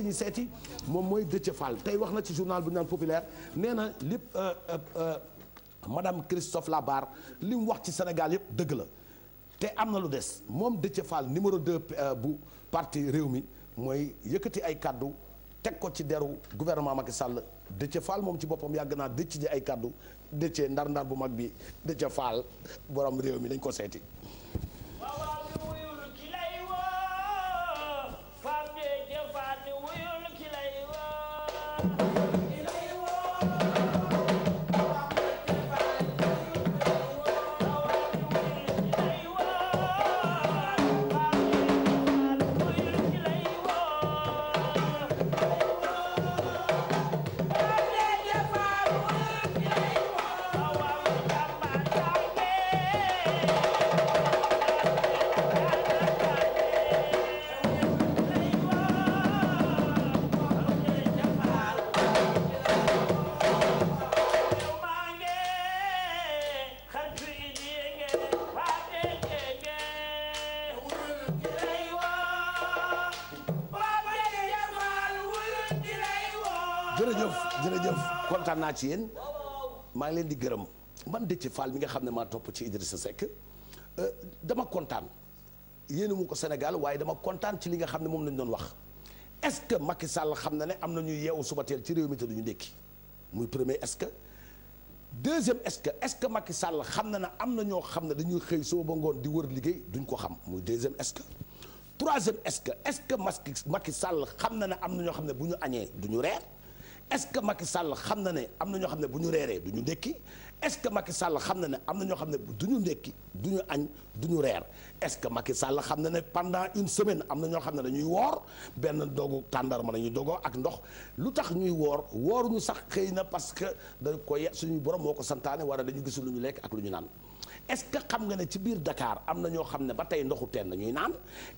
ki ñu seeti moom mooy Déthié Fall tey wax na ci journal bu ñu naan populaire nee na lépp euh, euh, euh, madame Christophe Labarre li mu wax ci Sénégal yëpp dëgg la te am na lu des moom Déthié Fall numéro 2 bu parti réew mi mooy yëkkati ay kàddu teg ko ci deru gouvernement Macky Sall Déthié Fall moom ci boppam yàgg naa dëcc ji ay kàddu Déthié ndar-ndar bu mag bi Déthié Fall borom réew mi dañ ko seeti. jërëjëf jërëjëf kontaan naa ci yéen maa ngi leen di gërëm man Déthié Fall mi nga xam ne maa topp ci Idrissa Seck euh, dama kontaan yéen mu ko Sénégal waaye dama kontaan ci li nga xam ne moom lañu doon wax est-ce que Macky Sall xam na ne am na ñu yeewu ci réew mi te duñu ndékki muy premier est-ce que deuxième est-ce que est-ce que Macky Sall xam na ne am na ñoo xam ne dañuy xëy suba ba ngoon di wër liggéey duñ ko xam muy deuxième est-ce que troisième est-ce que est-ce que Macky Sall xam na ne am na ñoo xam ne bu ñu añee duñu reer est-ce que Macky Sall xam na ne am na ñoo xam ne bu ñu reeree du ñu ndekki est-ce que Macky Sall xam na ne am na ñoo xam ne du ñu ndekki du ñu añ du ñu reer est-ce que Macky Sall xam na ne pendant une semaine am na ñoo xam ne dañuy woor benn dogu tàndarma dañuy dogoo ak ndox lu tax ñuy woor wooruñu sax xëy na parce que dañ ko suñu borom moo ko santaane wala dañu gisul lu ñu lekk ak lu ñu naan est-ce que xam nga ne ci biir dakaar am na ñoo xam ne ba tey ndoxu teen ñuy naan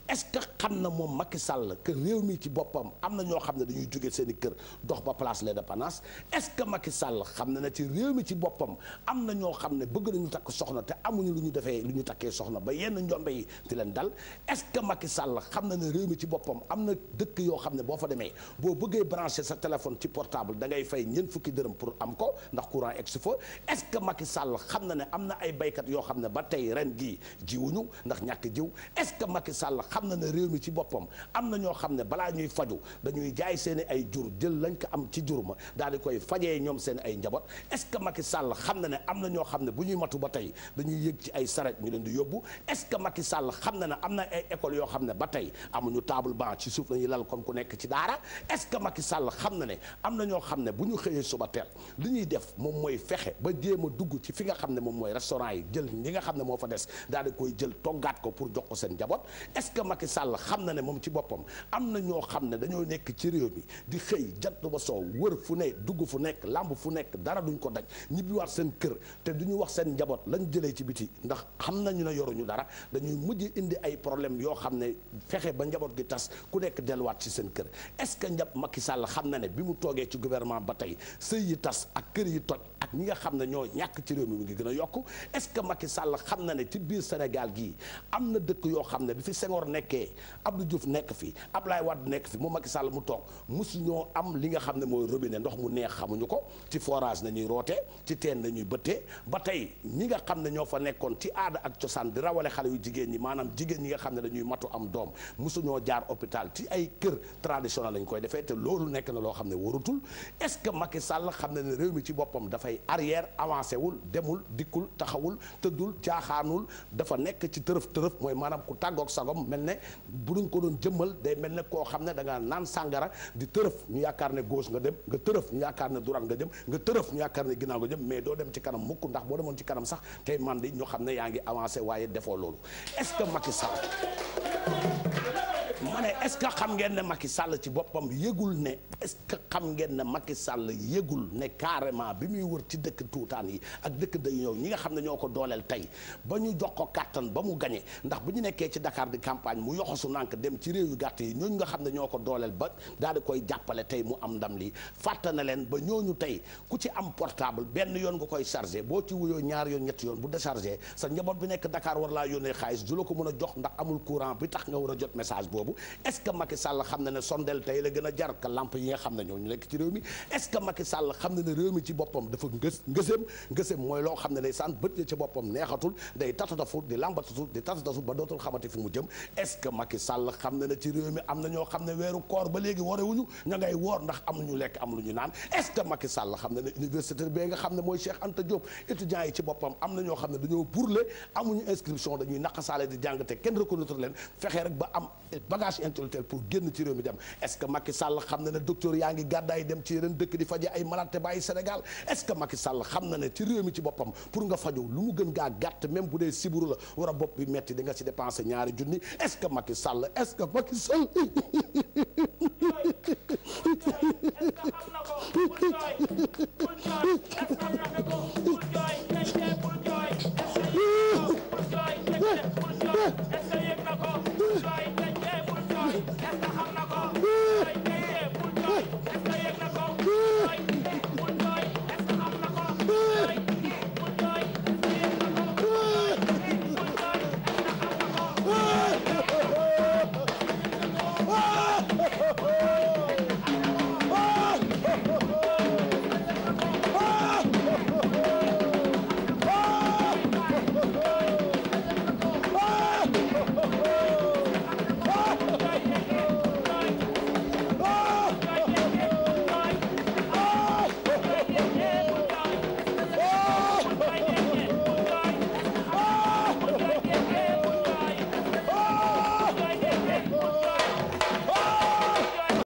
est-ce que xam na moom Macky Sall que réew mi ci boppam am na ñoo xam ne dañuy jóge seen i kër dox ba place l'Indépendance est-ce que Macky xam na ne ci réew mi ci boppam am na ñoo xam ne bëgg nañu takk soxna te amuñu lu ñu defee lu ñu takkee soxna ba yenn njombe yi di leen dal est-ce que Macky Sall xam na ne réew mi ci boppam am na dëkk yoo xam ne boo fa demee boo bëggee brancher sa téléphone ci portable da ngay fay ñeent fukki dërëm pour am ko ndax courant egg si fa est-ce que Macky xam na ne am na ay bay baykat yoo xam ne ba tey ren gii jiwuñu ndax ñàkk jiw est-ce que Macky Sall xam na ne réew mi ci boppam am na ñoo xam ne balaa ñuy faju dañuy jaay seen ay jur jël lañ ko am ci jur ma daal koy fajee ñoom seen ay njaboot est-ce que Macky Sall xam na ne am na ñoo xam ne bu ñuy matu ba tey dañuy yëg ci ay saret ñu leen di yóbbu est-ce que Macky Sall xam na ne am na école yoo xam ne ba tey amuñu table ci suuf lañuy lal comme ku nekk ci daara est-ce que Macky Sall xam na ne am na ñoo xam ne bu ñu xëyee suba teel li ñuy def moom mooy fexe ba jéem a dugg ci fi nga xam ne moom mooy restaurant yi di jël li nga xam ne moo fa des daal di koy jël toggaat ko pour jox ko seen njaboot est-ce que Macky Sall xam na ne moom ci boppam am na ñoo xam ne dañoo nekk ci réew mi di xëy jant ba soow wër fu ne dugg fu nekk làmb fu nekk dara duñ ko daj ñibbiwaat seen kër te duñu wax seen njaboot lañ jëlee ci biti ndax xam nañu ne yoruñu dara dañuy mujj indi ay problème yoo xam ne fexe ba njaboot gi tas ku nekk delluwaat ci seen kër est-ce que njab Macky sàll xam na ne bi mu toogee ci gouvernement ba tey sëy yi tas ak kër yi toj ak ñi nga xam ne ñoo ñàkk ci réew mi mu ngi gën a yokk que Macky Sall xam na ne ci biir Sénégal gii am na dëkk yoo xam ne bi fi Senghor nekkee Abdou Diouf nekk fi Abdoulaye Wade nekk fi mu Macky Sall mu toog mosu ñoo am li nga xam ne mooy robine ndox mu neex xamuñu ko ci forage nañuy roote ci teen nañuy bëttee ba tey ñi nga xam ne ñoo fa nekkoon ci aada ak cosaan di rawale xale yu jigéen ñi maanaam jigéen ñi nga xam ne dañuy matu am doom mosuñoo jaar hôpital ci ay kër traditionnel lañ koy defee te loolu nekk na loo xam ne warutul est-ce que Macky Sall xam na ne réew mi ci boppam dafay arrière avancé wul demul dikkul taxawul tëddul caaxaanul dafa nekk ci tërëf tërëf mooy maanaam ku tàggoog sagom mel ne bu duñ ko doon jëmmal day mel ne koo xam ne da nga naan sàngara di tërëf ñu yaakaar ne gauche nga dem nga tërëf ñu yaakaar ne droite nga jëm nga tërëf ñu yaakaar ne ginnaaw nga dem mais doo dem ci kanam mukk ndax boo demoon ci kanam sax tey man di ñu xam ne yaa ngi avancer waaye defoo loolu est-ce que Macky Sall ma ne est-ce que xam ngeen ne Macky Sall ci boppam yëgul ne est xam ngeen ne Macky sàll yëgul ne carrément bi muy wër ci dëkk tuutaan yi ak dëkk dañu ñëw ñi nga xam ne ñoo ko dooleel tey ba ñu jox ko kàttan ba mu gañe ndax bu ñu nekkee ci Dakar di campagne mu yoxosu nànk dem ci réew yu gàtt yi ñooñu nga xam ne ñoo ko dooleel ba daal di koy jàppale tey mu am ndam lii fàtta na leen ba ñooñu tey ku ci am portable benn yoon nga koy chargé boo ci wuyoo ñaar yoon ñetti yoon bu déchargé sa njaboot bi nekk Dakar war laa yónnee xaalis du la ko mën a jox ndax amul courant bi tax nga war a jot message boobu yóbbu est-ce que Macky Sall xam na ne sondeel tey la gën a jar ka lamp yi nga xam ne ñoo xam ne réew day saan bët ya ci boppam neexatul day tatatafu di lambatatu di tatatafu ba dootul xamati fu mu jëm est-ce que Macky Sall na am na ñoo xam ne weeru koor ba lekk am lu ñu naan est que Macky Sall xam xam ne mooy Cheikh Anta Diop étudiants yi ci boppam am na ñoo xam ne dañoo burle amuñu inscription dañuy naqasaale di jàng te kenn reconnaître leen fexe rek ba am bagage intellectuel pour génn ci réew mi dem est-ce que Macky Sall xam na ne docteur yaa ngi gàddaay dem ci yeneen dëkk di faje ay malade te bàyyi Sénégal est-ce que Macky sàll xam na ne ci réew mi ci boppam pour nga fajo lu mu gën gaa gàtt même bu dee siburu la war a bopp bi metti danga nga si dépenser ñaari junni est-ce que Macky Sall est-ce que Macky Sall